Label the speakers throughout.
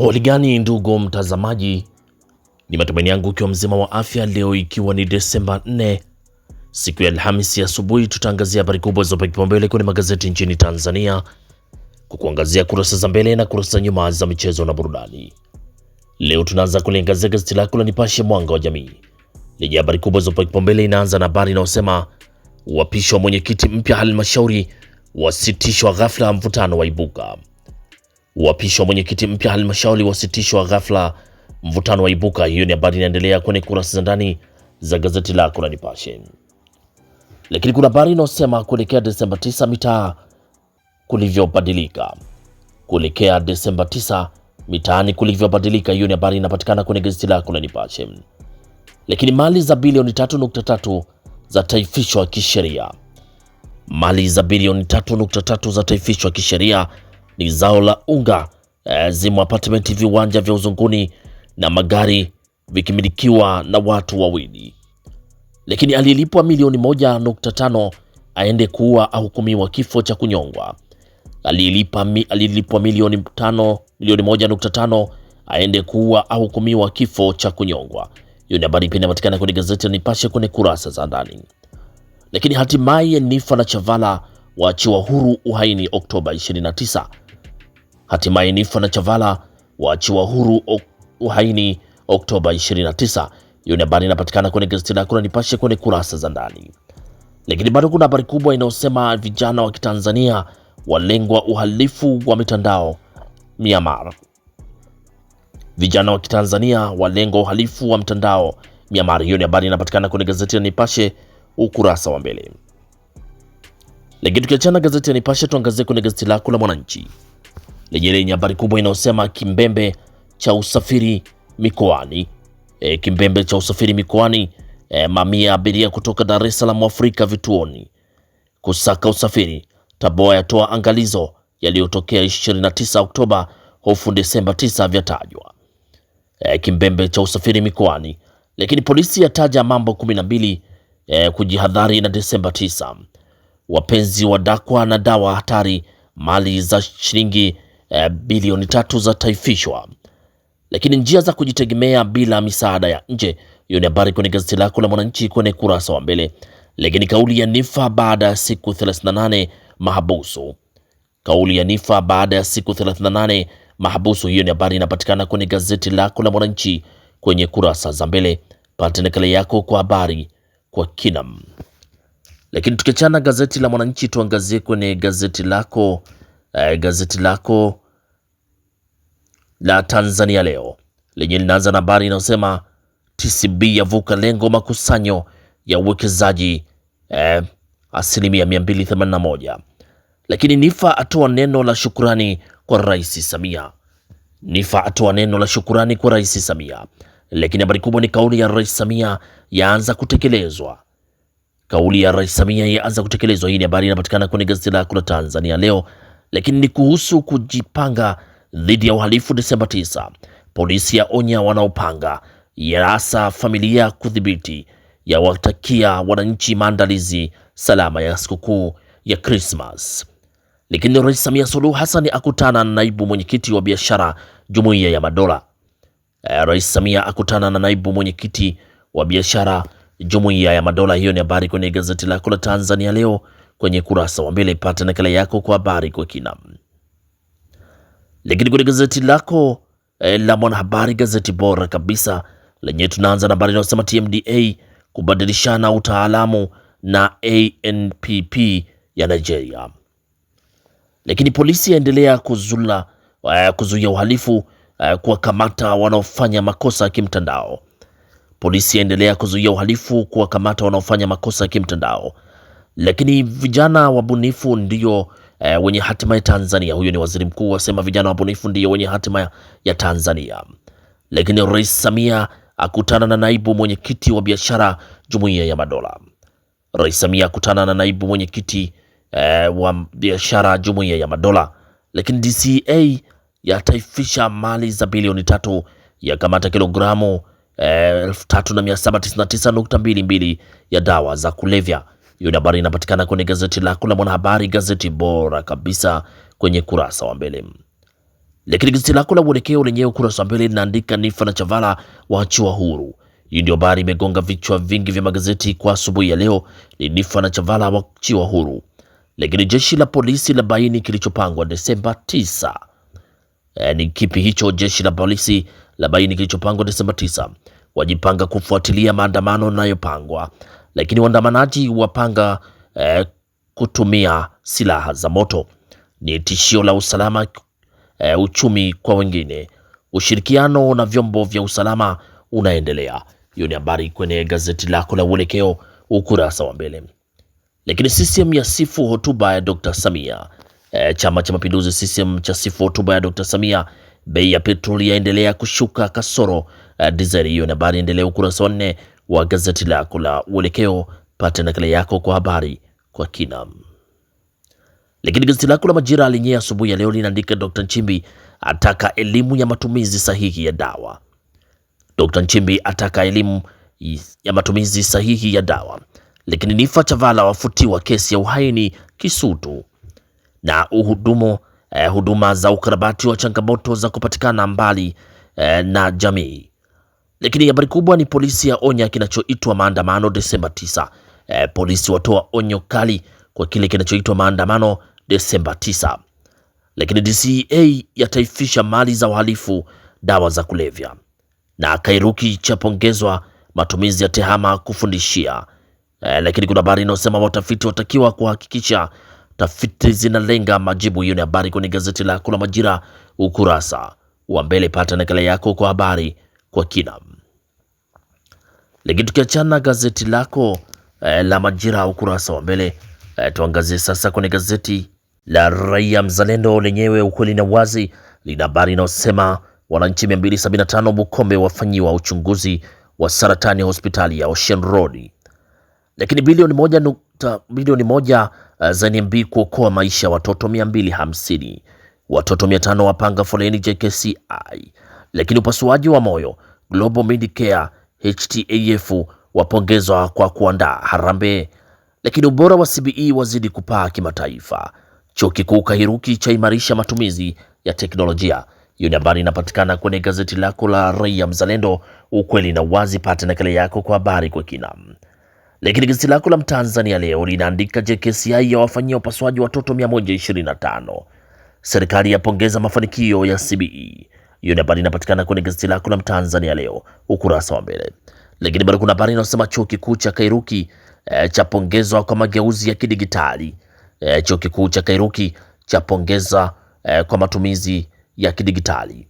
Speaker 1: Holigani ndugu mtazamaji, ni matumaini yangu ukiwa mzima wa afya leo, ikiwa ni Desemba 4 siku ya Alhamisi asubuhi, tutaangazia habari kubwa zopa kipaumbele kwenye magazeti nchini Tanzania, kwa kuangazia kurasa za mbele na kurasa za nyuma za michezo na burudani. Leo tunaanza kuliangazia gazeti lako la Nipashe Mwanga wa Jamii lenye habari kubwa zopa kipaumbele. Inaanza na habari inayosema uapisho wa mwenyekiti mpya halmashauri wasitishwa ghafla, mvutano waibuka. Uapisho wa mwenyekiti mpya halmashauri wasitishwa ghafla, mvutano wa ibuka. Hiyo ni habari inaendelea kwenye kurasa za ndani za gazeti lako la Nipashe, lakini kuna habari inayosema kuelekea Desemba 9 mitaa kulivyobadilika, kuelekea Desemba 9 mitaani kulivyobadilika. Hiyo ni habari inapatikana kwenye gazeti lako la Nipashe. Lakini mali za bilioni 3.3 za taifishwa kisheria, mali za bilioni 3.3 za taifishwa kisheria ni zao la unga e, zimo apartment viwanja vya uzunguni na magari vikimilikiwa na watu wawili, lakini alilipwa milioni moja nukta tano aende kuua au kifo cha kunyongwa. Alilipa mi, alilipwa milioni tano, milioni moja nukta tano aende kuua au kifo cha kunyongwa. Hiyo ni habari pia inapatikana kwenye gazeti la Nipashe kwenye kurasa za ndani. Lakini hatimaye Nifa na Chavala waachiwa huru uhaini Oktoba 29. Hatimaye Nifa na Chavala waachiwa huru uhaini Oktoba 29. Hiyo ni habari inapatikana kwenye gazeti lako la Nipashe kwenye kurasa za ndani, lakini bado kuna habari kubwa inayosema vijana wa Kitanzania walengwa uhalifu wa mitandao Myanmar. Vijana wa Kitanzania walengwa uhalifu wa mtandao Myanmar. Hiyo ni habari inapatikana kwenye gazeti la Nipashe ukurasa wa mbele. Lakini tukiachana gazeti la Nipashe tuangazie kwenye gazeti lako la Mwananchi ni habari kubwa inayosema kimbembe cha usafiri mikoani. E, kimbembe cha usafiri mikoani. E, mamia abiria kutoka Dar es Salaam Afrika vituoni kusaka usafiri. Taboa yatoa angalizo yaliyotokea 29 Oktoba, hofu Desemba 9 vyatajwa. E, kimbembe cha usafiri mikoani. Lakini polisi yataja mambo 12 e, kujihadhari na Desemba 9. Wapenzi wa dakwa na dawa hatari, mali za shilingi e, bilioni tatu zataifishwa, lakini njia za kujitegemea bila misaada ya nje. Hiyo ni habari kwenye gazeti lako la Mwananchi kwenye kurasa wa mbele. Lakini kauli ya Nifa baada ya siku 38 mahabusu, kauli ya Nifa baada ya siku 38 mahabusu, hiyo ni habari inapatikana kwenye gazeti lako la Mwananchi kwenye kurasa za mbele. Pata nakala yako kwa habari kwa kinam. Lakini tukiachana gazeti la Mwananchi, tuangazie kwenye gazeti lako eh, gazeti lako la Tanzania leo lenye linaanza na habari inayosema TCB yavuka lengo makusanyo ya uwekezaji eh, asilimia 281, lakini Nifa atoa neno la shukurani kwa Rais Samia. Nifa atoa neno la shukurani kwa Rais Samia, lakini habari kubwa ni kauli ya Rais Samia yaanza kutekelezwa. Kauli ya Rais Samia yaanza kutekelezwa. Hii ni habari inapatikana kwenye gazeti lako la Tanzania leo lakini ni kuhusu kujipanga dhidi ya uhalifu. Desemba 9, polisi ya onya wanaopanga, yarasa familia kudhibiti, yawatakia wananchi maandalizi salama ya sikukuu ya Krismas. Lakini Rais Samia Suluhu Hassan akutana na naibu mwenyekiti wa biashara jumuiya ya madola. Eh, Rais Samia akutana na naibu mwenyekiti wa biashara jumuiya ya madola. Hiyo ni habari kwenye gazeti lako la Tanzania Leo kwenye kurasa wa mbele. Pata nakala yako kwa habari kwa kina. Lakini kwenye gazeti lako eh, la Mwanahabari, gazeti bora kabisa lenye, tunaanza na habari inayosema TMDA kubadilishana utaalamu na ANPP ya Nigeria. Lakini polisi yaendelea kuzula eh, kuzuia uhalifu uh, kuwakamata wanaofanya makosa ya kimtandao. Polisi yaendelea kuzuia uhalifu kuwakamata wanaofanya makosa ya kimtandao. Lakini vijana wabunifu ndio e, wenye hatima ya Tanzania. Huyo ni waziri mkuu asema vijana wabunifu ndio wenye hatima ya Tanzania. Lakini Rais Samia akutana na naibu mwenyekiti wa biashara Jumuiya ya Madola. Rais Samia akutana na naibu mwenyekiti e, wa biashara Jumuiya ya Madola. Lakini DCA yataifisha mali za bilioni tatu ya kamata kilogramu 3799.22 eh, ya dawa za kulevya. Hiyo habari inapatikana kwenye gazeti lako la Mwanahabari, gazeti bora kabisa kwenye kurasa wa mbele. Lakini gazeti lako la Mwelekeo lenyewe ukurasa wa mbele linaandika Nifa na Chavala waachiwa huru. Hii ndio habari imegonga vichwa vingi vya magazeti kwa asubuhi ya leo, ni Nifa na Chavala waachiwa huru. Lakini jeshi la polisi la baini kilichopangwa Desemba 9. E, ni kipi hicho? Jeshi la polisi la baini kilichopangwa Desemba 9, wajipanga kufuatilia maandamano yanayopangwa lakini waandamanaji wapanga eh, kutumia silaha za moto. Ni tishio la usalama eh, uchumi kwa wengine. Ushirikiano na vyombo vya usalama unaendelea. Hiyo ni habari kwenye gazeti lako la Uelekeo ukurasa wa mbele. Lakini CCM sifu hotuba ya Dr. Samia. eh, Chama cha Mapinduzi CCM cha sifu hotuba ya Dr. Samia. Bei ya petroli yaendelea kushuka kasoro eh, dizeli. Hiyo ni habari endelea ukurasa wa nne wa gazeti lako la Uelekeo. Pata nakala yako kwa habari kwa kina. Lakini gazeti lako la Majira lenye asubuhi ya leo linaandika Dr. Nchimbi ataka elimu ya matumizi sahihi ya dawa. Dr. Nchimbi ataka elimu ya matumizi sahihi ya dawa. Lakini Nifa Chavala wafutiwa kesi ya uhaini Kisutu na uhudumu eh, huduma za ukarabati wa changamoto za kupatikana mbali eh, na jamii. Lakini habari kubwa ni polisi ya onya kinachoitwa maandamano Desemba 9. E, polisi watoa onyo kali kwa kile kinachoitwa maandamano Desemba 9. Lakini DCA yataifisha mali za wahalifu dawa za kulevya, na Kairuki chapongezwa matumizi ya tehama kufundishia. E, lakini kuna habari inayosema watafiti watakiwa kuhakikisha tafiti zinalenga majibu. Hiyo ni habari kwenye gazeti lako la Majira ukurasa wa mbele. Pata nakala yako kwa habari kwa kinam lakini tukiachana gazeti lako eh, la Majira ukurasa wa mbele eh, tuangazie sasa kwenye gazeti la Raia Mzalendo lenyewe ukweli na wazi lina habari inayosema wananchi 275 Bukombe wafanyiwa uchunguzi wa saratani hospitali ya Ocean Road. Lakini bilioni moja, nukta, bilioni moja uh, za NMB kuokoa maisha ya watoto 250. Watoto 500 wapanga foleni JKCI. Lakini upasuaji wa moyo Global Medicare HTAF wapongezwa kwa kuandaa harambee, lakini ubora wa CBE wazidi kupaa kimataifa. Chuo Kikuu cha chaimarisha matumizi ya teknolojia. Hiyo ni habari inapatikana kwenye gazeti lako la Raia Mzalendo, ukweli na uwazi. Pata nakala yako kwa habari kwa kina. Lakini gazeti lako la Mtanzania leo linaandika JKCI yawafanyia upasuaji watoto 125. Serikali yapongeza mafanikio ya CBE. Hiyo ni habari inapatikana kwenye gazeti lako la Mtanzania leo ukurasa wa mbele. Lakini bado kuna habari inayosema chuo kikuu cha Kairuki e, eh, cha pongezwa kwa mageuzi ya kidigitali e, chuo kikuu cha Kairuki cha pongeza e, eh, kwa matumizi ya kidigitali.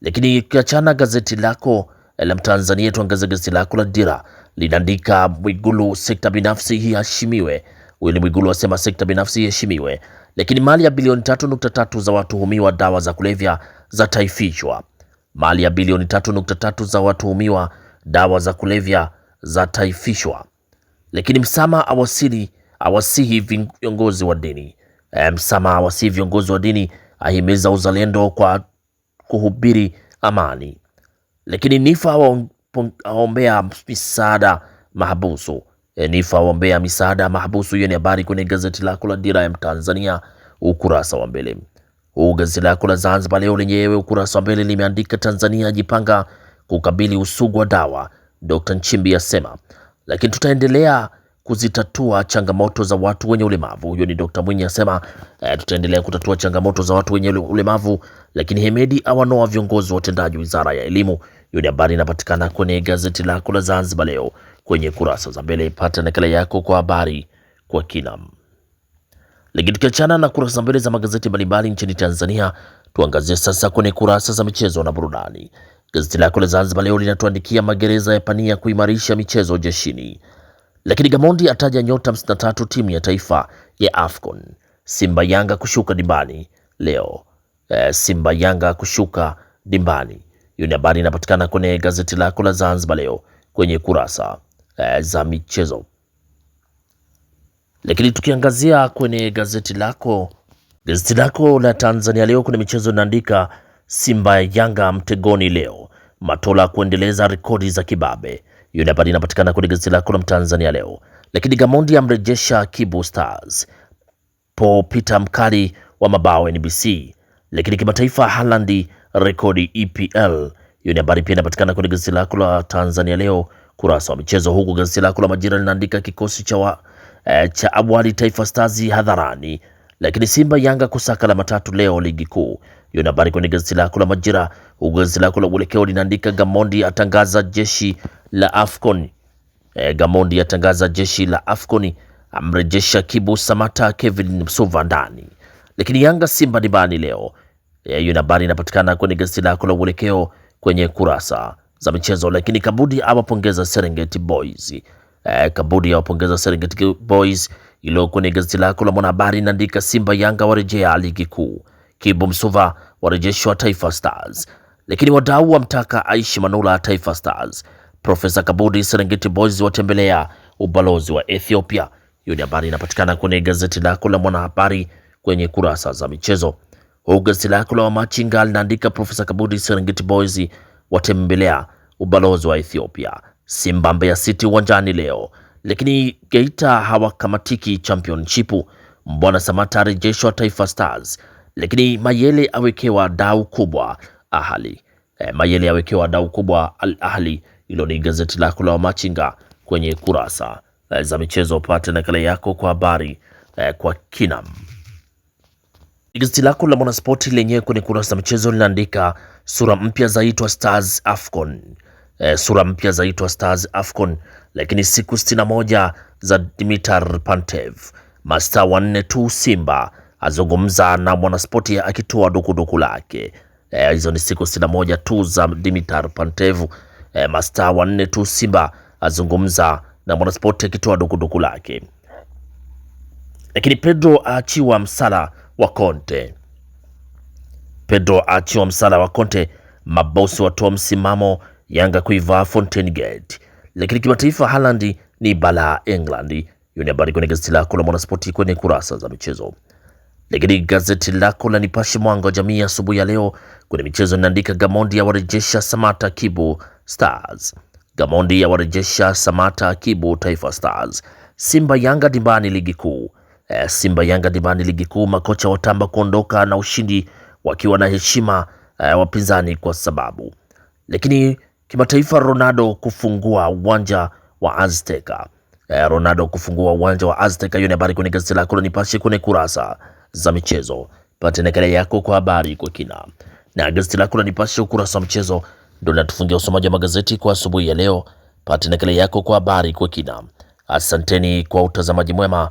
Speaker 1: Lakini kiachana gazeti lako la Mtanzania, tuangaze gazeti lako la Dira linaandika Mwigulu, sekta binafsi iheshimiwe ni Mwigulu asema sekta binafsi iheshimiwe, lakini mali ya bilioni 3.3 za watuhumiwa dawa za kulevya zataifishwa. Mali ya bilioni 3.3 za watuhumiwa dawa za kulevya zataifishwa, lakini Msama awasili awasihi viongozi wa dini. E, Msama awasihi viongozi wa dini, ahimiza uzalendo kwa kuhubiri amani, lakini nifa awaombea msaada mahabusu Eh, Nifa waombea misaada mahabusu. Hiyo ni habari kwenye gazeti lako la Dira ya Mtanzania ukurasa wa mbele. Huu gazeti lako la Zanzibar Leo lenyewe ukurasa wa mbele limeandika Tanzania ajipanga kukabili usugu wa dawa, Dr. Nchimbi asema, lakini tutaendelea kuzitatua changamoto za watu wenye ulemavu. Huyo ni Dr. Mwinyi asema eh, tutaendelea kutatua changamoto za watu wenye ulemavu. Lakini Hemedi awanoa viongozi wa watendaji wizara ya elimu. Hiyo ni habari inapatikana kwenye gazeti lako la Zanzibar Leo kwenye kurasa za mbele. Pata nakala yako kwa habari kwa kina. Lakini tukiachana na kurasa za mbele za magazeti mbalimbali nchini Tanzania, tuangazie sasa kwenye kurasa za michezo na burudani. Gazeti lako la Zanzibar Leo linatuandikia magereza ya pania kuimarisha michezo jeshini, lakini Gamondi ataja nyota 53 timu ya taifa ya AFCON. Simba Yanga kushuka dimbani leo. E, Simba Yanga kushuka dimbani hiyo ni habari inapatikana kwenye gazeti lako la Zanzibar Leo kwenye kurasa Eh, za michezo. Lakini tukiangazia kwenye gazeti lako gazeti lako la Tanzania Leo kwenye michezo inaandika Simba Yanga mtegoni leo, Matola kuendeleza rekodi za kibabe. Hiyo habari inapatikana kwenye gazeti lako la Mtanzania Leo. Lakini Gamondi amrejesha Kibu Stars, Peter mkali wa mabao NBC. Lakini kimataifa, Haaland rekodi EPL. Hiyo ni habari pia inapatikana kwenye gazeti lako la Tanzania Leo kurasa wa michezo, huku gazeti lako la Majira linaandika kikosi cha, wa, eh, cha awali Taifa Stars hadharani, lakini Simba Yanga kusaka la matatu leo ligi kuu. Hiyo ni habari kwenye gazeti lako la Majira, huku gazeti lako la Uelekeo linaandika Gamondi atangaza jeshi la Afcon. Eh, Gamondi atangaza jeshi la Afcon amrejesha Kibu Samata Kevin Msuva ndani, lakini Yanga Simba ni bani leo. Eh, hiyo e, habari inapatikana kwenye gazeti lako la Uelekeo kwenye kurasa za michezo. Lakini Kabudi awapongeza Serengeti Boys. Eh, Kabudi awapongeza Serengeti Boys ilo ni gazeti lako la Mwanahabari inaandika Simba Yanga warejea ligi kuu, Kibu Msuva warejeshwa Taifa Stars, lakini wadau wamtaka Aishi Manula Taifa Stars. Profesa Kabudi, Serengeti Boys watembelea ubalozi wa Ethiopia. Hiyo ni habari inapatikana kwenye gazeti lako la Mwanahabari kwenye kurasa za michezo. Huku gazeti lako la Wamachinga linaandika Profesa Kabudi, Serengeti Boys watembelea ubalozi wa Ethiopia. Simba Mbeya City uwanjani leo, lakini Geita hawakamatiki championship. Mbwana Samata arejeshwa Taifa Stars, lakini Mayele awekewa dau kubwa Ahali. E, eh, Mayele awekewa dau kubwa Al Ahali. Hilo ni gazeti lako la machinga kwenye kurasa e, za michezo. Pate nakala yako kwa habari e, kwa kinam Gazeti lako la Mwanaspoti lenyewe kwenye kurasa za michezo linaandika sura mpya zaitwa Stars Afcon. E, sura mpya zaitwa Stars Afcon, lakini siku 61 za Dimitar Pantev. Masta wanne tu Simba azungumza na Mwanaspoti akitoa dukuduku lake. Eh, hizo e, ni siku 61 tu za Dimitar Pantev. E, masta wanne tu Simba azungumza na Mwanaspoti akitoa dukuduku lake, lakini Pedro aachiwa msala wa Conte. Pedro aachiwa msala wa Conte, mabosi watoa msimamo Yanga kuivaa Fountain Gate. Lakini kimataifa, Haaland ni bala England. Hiyo ni habari kwenye gazeti lako la Mwanaspoti kwenye kurasa za michezo. Lakini gazeti lako la Nipashe mwanga wa jamii asubuhi ya leo kwenye michezo inaandika Gamondi awarejesha Samata Kibu Stars. Gamondi awarejesha Samata Kibu Taifa Stars. Simba Yanga dimbani ligi kuu. Eh, Simba Yanga dimani ligi kuu, makocha watamba kuondoka na ushindi wakiwa na heshima uh, wapinzani kwa sababu. Lakini kimataifa, Ronaldo kufungua uwanja wa Azteca. Uh, eh, Ronaldo kufungua uwanja wa Azteca. Hiyo ni habari kwenye gazeti lako la Nipashe kwenye kurasa za michezo. Pata nakala yako kwa habari kwa kina, na gazeti lako la Nipashe ukurasa wa mchezo ndio linatufungia usomaji wa magazeti kwa asubuhi ya leo. Pata nakala yako kwa habari kwa kina. Asanteni kwa utazamaji mwema